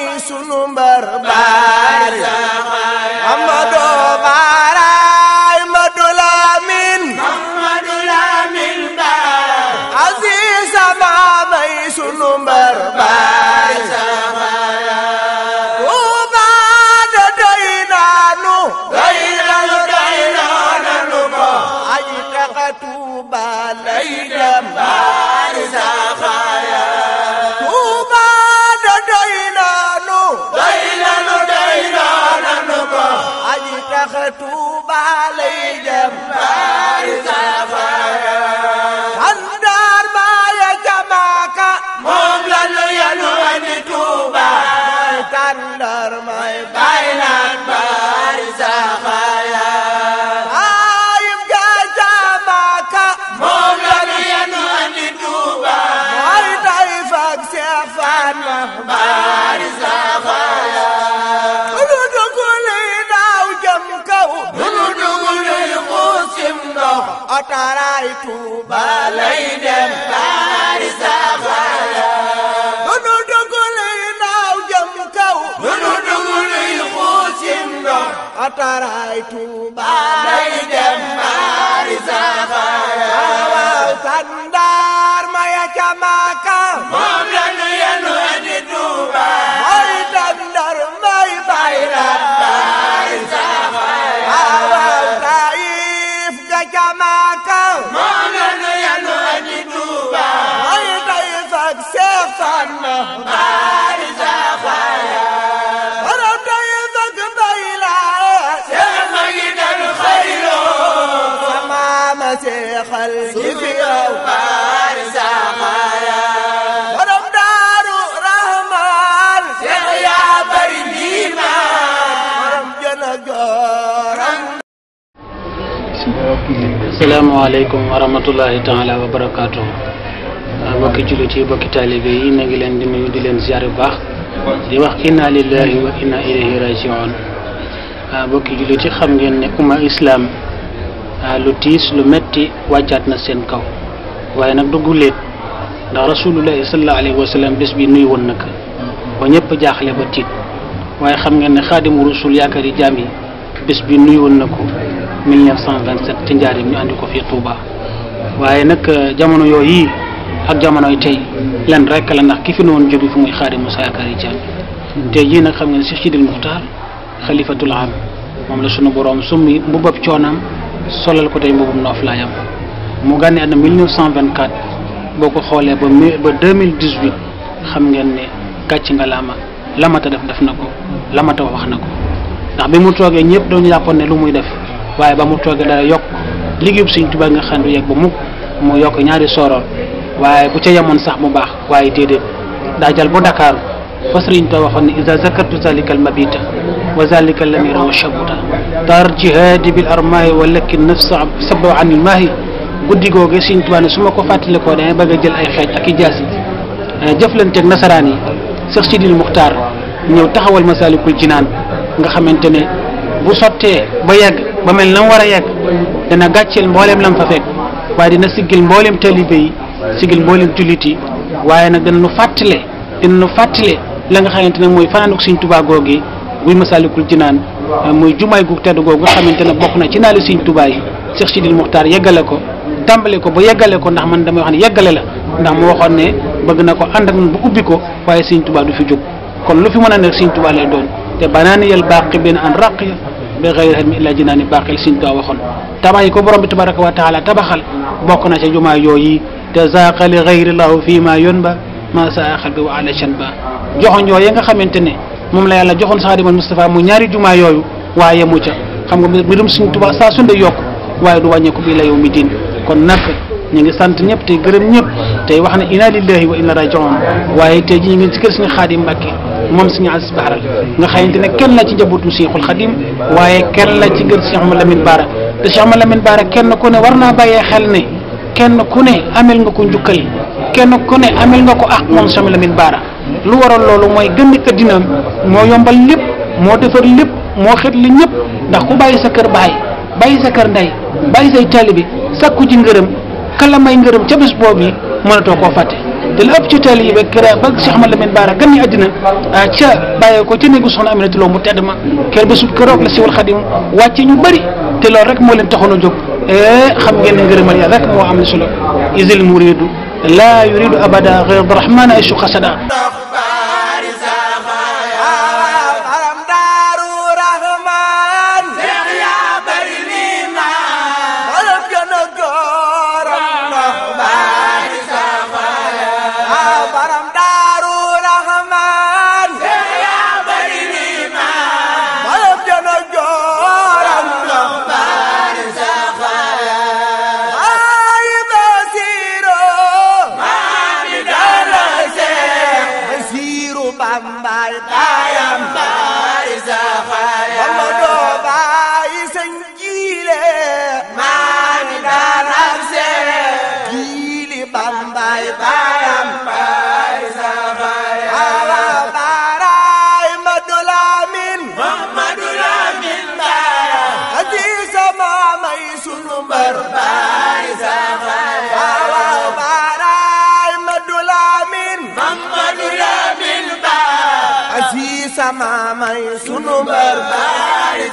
mooy sunu mbar baari Amadu baaraay Madu Lamin Madu Lamin baar Aziz sama may sunu mbar baari Tuuba lay Ndar may bay naan bari saxaaya ayub jaata Màkka moom la nu yenu andi Tuuba mooy tay fak Seex Faatma bari saxaaya nu duguli daaw jëm kaw nu duguli xuusim ndox otaraay Tuuba lay dem bari saxaaya ataraay Tuuba day dem maari sandaar ma ya ca moom la nu yenu andi asalaamaaleykum wa rahmatullahi taala wa barakaatu mbokki jullit yi mbokki taalibe yi na ngi leen di nuyu di leen ziar bu baax di wax inna lillahi wa inna ilayhi rajiun mbokki jullit yi xam ngeen ne umma islam lu tiis lu metti wàccaat na seen kaw waaye nag dugg leet ndax rasulullahi sallallahu alayhi wa sallam bés bi nuyu woon nag ba ñëpp jaaxle ba tiit waaye xam ngeen ne xaadimu rasul yaakaar yi jaam yi bés bi nuyu woon na ko 1927 ci njaariñ ñu andi ko fii Touba waaye nag euh, jamono yooyu yii ak jamonoy tey len rek la ndax ki fi noonu jóge fu muy Xaadimu Saakaar yi jàng tey jii nag xam nga ne Cheikh Sidil Muxtaar xalifatul am moom la sunu borom summi mbubbab coonam solal ko tey mbubbum nooflaayam mu gànne àdduna 1924 boo ko xoolee ba mi ba 2018 xam ngeen ne gàcc nga laama lamata def def na ko lamata wax na ko ndax bi mu toogee ñëpp dañu jàppoon ne lu muy def. waye ba mu toogee dana yok liggéeyub seigne touba nga xandu ne ba mu mu yok ñaari soro waye bu ca yemoon sax mu bax waye dede da jël bu Dakar fa seigne touba waxon ni iza zakartu zalikal mabita wa zalikal lamira wa shabuta tar jihad bil armahi walakin lakki nafsa saba an al mahi guddi goge seigne touba ne su ma ko fàttalikoo damay bëgg a jël ay xej ak jasi jeflante ak nasarani yi Seex Sidil Muxtaar ñëw taxawal masalikul jinan nga xamantene bu sottee ba yegg ba mel na mu war a yegg dana gàcceel mbooleem lam fa fekk waaye dina siggil mbooleem talibe yi siggil mbooleem jullit yi waaye nag dina lu fàttale dina lu fàttale la nga xamante nag mooy fanaanuk Sëñ Tuubaa googi muy Masaalikul Jinaan muy jumaay gu tedd googu nga xamante ne bokk na ci naali Sëñ Tuubaa yi Seex Sidil Muxtaar yeggale ko tàmbale ko ba yeggale ko ndax man damay wax ne yeggale la ndax mu waxoon ne bëgg na ko ànd ak bu ubbi ko waaye Sëñ Tuubaa du fi jóg kon lu fi mën a nekk Sëñ Tuubaa la doon te banaani yel baqi bin an raq bi xëyri xel mi illa jinaani baaxil siñ gaa waxoon tabax yi ko borom bi tabaraka wa taala tabaxal bokk na ca jumaa yooyu te zaqali xëyri lahu fii ma yon ba ma saa xel bi wa ala shan ba joxoon yooyu nga xamante ne moom la yàlla joxoon Xaadimal Mustafa mu ñaari jumaa yooyu waaye mu ca xam nga mbirum suñ Tuubaa saa sunde yokk waaye du wàññeeku bi la yow mi diin kon nag ñu ngi sant ñëpp tey gërëm ñëpp tey wax na ina lillahi wa inna rajiun waaye tey ji ñu ngi ci kër suñu Xaadim Mbàkke mom seigne Aziz Bara nga xamante ne kenn la ci njabootu Seexul khadim waye kenn la ci geur Cheikh Mouhamadou Lamine Bara te Cheikh Mouhamadou Lamine Bara kenn ku ne warna baye xel ne kenn ku ne amel nga ko njukkal kenn ku ne amel nga ko ak mom Cheikh Lamine Bara lu waral lolu moy gën ka dina mo yombal lépp mo defal lépp mo xet li ñëpp ndax ku baye sa kër baye baye sa kër nday baye say talibi sàkku ci ngërëm kala may ngërëm ca bés boobu yi mënatoo koo fàtte te li ëpp ci teel yi ba kër ba Cheikh Ahmad Lamine Bara gan ñu àddina ah, ca bàyyee ko ca néegu soxna Aminata Lo mu tedd ma kër ba sut këroog la siwal Xadim wàcc ñu bëri te rek moo leen taxoon a jóg eh, xam ngeen ne ngërëmal yàlla rek moo am solo isil muridu laa yuridu abada ghayra rahmana ay suqa sada bambaay baayam baay saxaaya bamba doo baay sëñ jiile maa ngi daan ak seer jiili bambaay baayam baay yaa ma may sunu mbar baari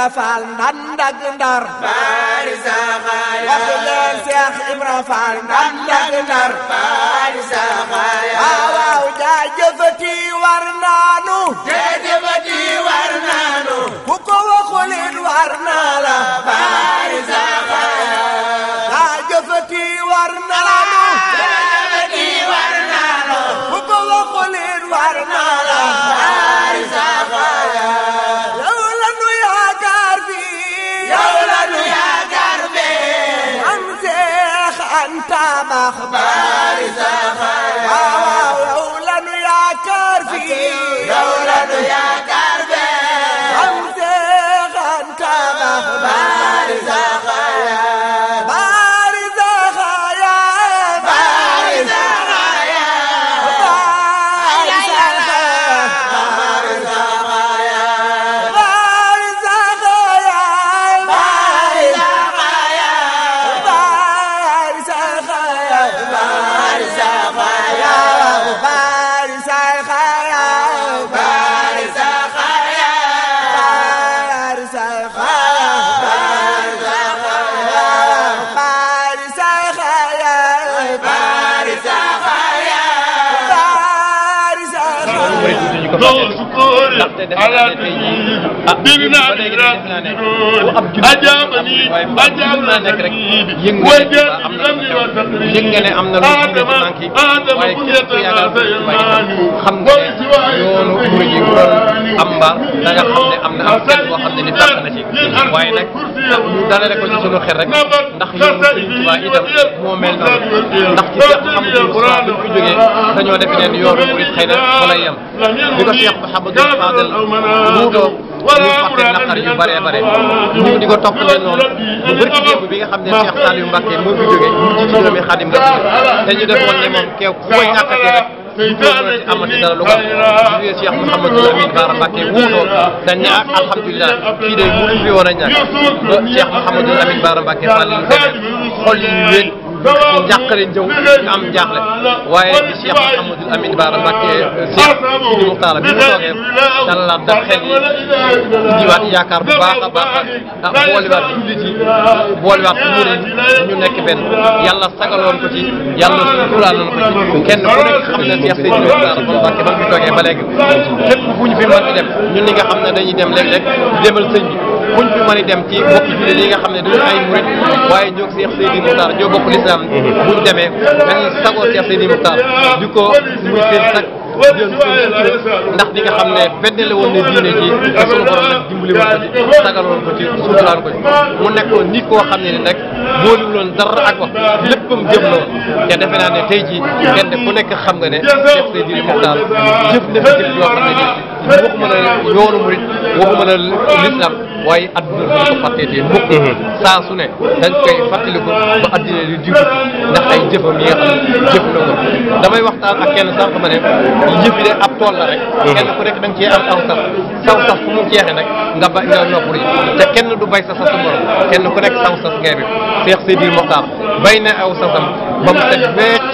Ibra Faal ndandag ndar bari saxaaya wax leen Seex Ibra Faal ndandag ndar bari saxaaya waaw ah, waaw jaajëfati war naanu jaajëfati war naanu ku ko waxul it war naa la bari saxaaya Hallelujah. Lord الدور على بيرنا أجابني أجابني وجدني أمني وتقريبي آدم آدم بنية الإيمان وسواه am ba da nga xam ne am na am kenn boo xam ne ni tax na ci waaye nag dalale ko ci sunu xel rek ndax yow waa itam moo mel noonu ndax ci Cheikh Mouhamadou Moustapha bi mu fi jógee dañoo def neen yoonu murid xëy na fa lay yem bi ko Cheikh Mouhamadou Abdou Fadel Mbuudo ñuy fàttali naqar yu bëree bëri ñu di ko topp leen noonu bu bëri ci démb bi nga xam ne Cheikh Saliou Mbacké moo fi jógee ci juróomi Xaadim Rasul te ñu defoon ne moom keew ku koy ñàkkati rek ñu amati dara lu ko jógee Cheikh Mouhamadou Lamine Bara Mbacké wuutoo dañ ne ak alhamdulilah fii day mu fi woon a ñàkk Cheikh Mouhamadou Lamine Bara Mbacké Saliou xool yi wéet jàqare jëw nga am jaaxle waaye di Cheikh Mouhamadou Amine Bara Mbacké euh, Cheikh Sidi Moukhtar bi mu toogee dal la dal xel yi jiwaat yaakaar bu baax a baax ah boolewaat jullit yi boolewaat murid ñu nekk benn yàlla sagaloon ko ci yàlla suturaaloon ko ci kenn ku nekk xam ne Cheikh Sidi Moukhtar Mbacké ba mu fi toogee ba léegi lépp fu ñu fi mën di dem ñun ñi nga xam ne dañuy dem léeg-léeg demal sëñ bi buñ fi mën dem ci mbokki jullit yi nga xam ne duñu ay murit waaye ñoo Cheikh Seydi Moukhtar ñoo bokk lislaam buñ demee nañu sagoo Cheikh Seydi Moukhtar di ko muy seen sag ndax di nga xam ne benn la woon ne diine ji te sunu borom nag dimbali woon ko ci sagaloon ko ci suutulaan ci mu nekkoon nit koo xam ne ni nag booliwuloon dara ak wax léppam jëf la woon te defe naa ne tey jii kenn ku nekk xam nga ne Cheikh Seydi Moukhtar jëf na yoo xam ne ni waxuma la yoonu murit waxuma la lislam waaye adduna duñ ko fàttee dee mukk mhm. saa su ne dañ koy fàttaliku ba adduna di digu ndax ay jëfam yi nga jëf na ko damay waxtaan ak kenn sànq ma ne yëf de ab tool la rek mhm. kenn ku nekk da nga am aw saf saw saf fu mu jeexee nag nga ba nga noppur yi te kenn du bay sa sasu morom kenn ku nekk saw sas ngay bi Seex Seydi Moxtaar bay na aw sasam ba mu set wecc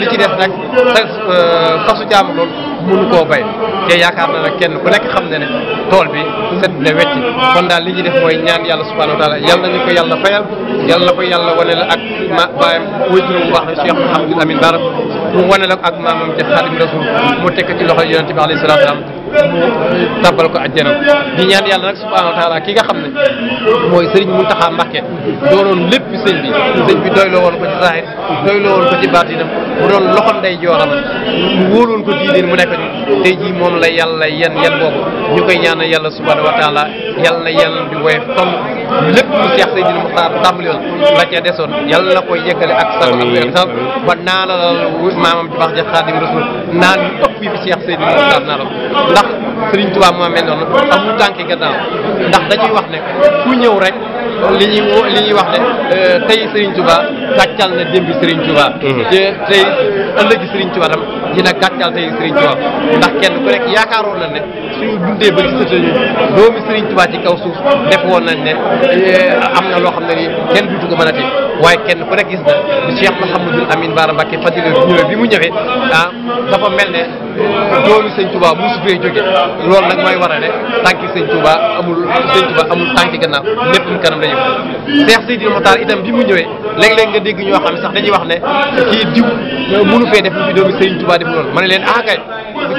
li ci def nag euh, sasu caama loolu mënu koo bay te yaakaar na nag kenn ku nekk xam na ne tool bi set na wecc kon daal li ñu def mooy ñaan yàlla subhanahu wa taala yàlla nañu ko yàlla fayal yàlla na ko yàlla wane la ak ma baayam wajuram bu baax la Cheikh Mouhamadul Amin Bara mu wane la ak maamam ja Xaadim Rasul mu tekk ci loxo yonente bi alayhi salaatu salaam tabal ko àjjana di ñaan yàlla nag subhaanahu wa ki nga xam ne mooy sëriñ Muntaxa Mbàkke doonoon lépp sëñ bi sëñ bi doyloo woon ko ci saahir doyloo woon ko ci baatinam mu doon loxo ndey jooram mu wóoloon ko diineen mu nekk tey jii moom la yàlla yan yan boobu ñu koy ñaanal yàlla subhaanahu wa taala yàlla na yàlla di woyof toll lépp lu Seex Seydina Muxtaar tàmbali la ca desoon yàlla na koy yeggale ak sago ak wér-sal ba naanalal maamam ju baax ja Xaadim Rasul naan ëpp yi fi ndax Sëriñ Tuubaa moo mel noonu amul tànki gannaaw ndax dañuy wax ne ku ñëw rek li ñuy li ñuy wax ne euh, tey Sëriñ Tuubaa gàccal na démbi Sëriñ Tuubaa te mhm. tey ëllëgi Sëriñ Tuubaa tam dina gàccal tey Sëriñ Tuubaa ndax kenn ku rek yaakaaroon na ne suñu dundee ba ci sëtañu doomi Sëriñ Tuubaa ci kaw suuf def woon nañ ne euh, am na loo xam ne ni kenn duutu ko mën a waaye kenn ku nekk gis na Cheikh Mouhamadul Amine Bara Mbacké Fadilou ñëwee bi mu ñëwee ah dafa mel ne doomi sëñ Touba musu fee jóge loolu nag mooy war a ne tànki sëñ Touba amul sëñ Touba amul tànki gannaaw lépp ñu kanam la ñu Cheikh Seydi Moukhtar itam bi mu ñëwee léeg-léeg nga dégg ñoo xam ne sax dañuy wax ne kii diw mënu fee def lu fi doomi sëñ Touba def loolu ma ne leen ah kay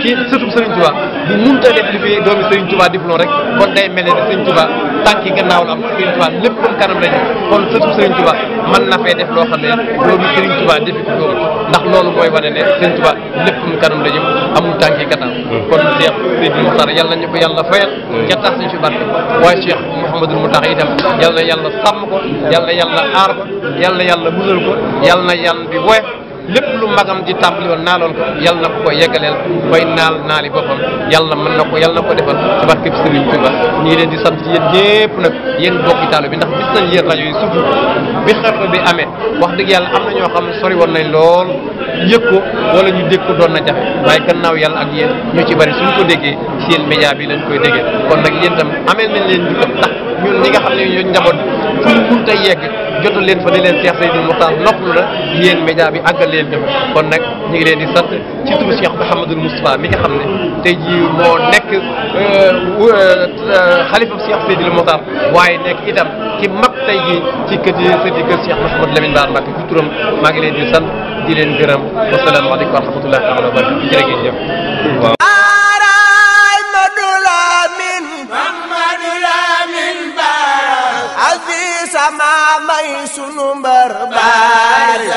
kii surtout Serigne Touba bu mënut a def li fi doomi Serigne Touba diplôme rek kon day mel ne Serigne Touba tànki gannaaw la am Serigne Touba lépp kon kanam lañu kon surtout Serigne Touba mën na fee def loo xam ne doomi Serigne Touba defi ko loolu ndax loolu mooy wane ne Serigne Touba lépp kanam la jëm amul tànki gannaaw hmm. kon Cheikh Sidi Moukhtar yàlla ñu ko yàlla fayal hmm. ca tax ñu ci barke waaye Cheikh Mouhamadul Moutax itam yàlla yàlla sàmm ko yàlla ko yàlla na yan bi lépp lu magam di tàmbali woon naaloon ko yal na ko koy yeggaleel koy naal naali boppam yàlla mën na ko yàlla na ko defal ci barkeb Sëriñ Tuuba ñu ngi leen di sant yéen nag yéen bokki taalo bi ndax gis nañ yéen rajo yi surtout bi xew amee wax dëgg yàlla am na ñoo xam ne sori woon nañ lool yëg ko wala ñu dégg ko doon na jafe waaye naaw yàlla ak yéen ñu ci bari suñ ko déggee seen média bi lañ koy déggee kon nag leen tam amee nañ leen di ko tax ñun nga xam ne ñoo njaboot fu ñu mënta yegg jotal leen fa ne leen Cheikh Seydil Mokhtar noppalu na yéen média bi àggal leen dem kon nag ñu ngi leen di sant ci turu Cheikh Mouhamadul Moustapha mi nga xam ne tey jii moo nekk euh, xalifam Cheikh Seydil Mokhtar waaye nekk itam ki mag tey jii ci kër yi sëti kër Cheikh Mouhamad Lamine Bara Mbacké ci turam maa ngi leen di sant di leen gërëm wasalaamaaleykum wa rahmatullahi taala wa barakatu jërë ngeen jëf waaw sunu mbar baari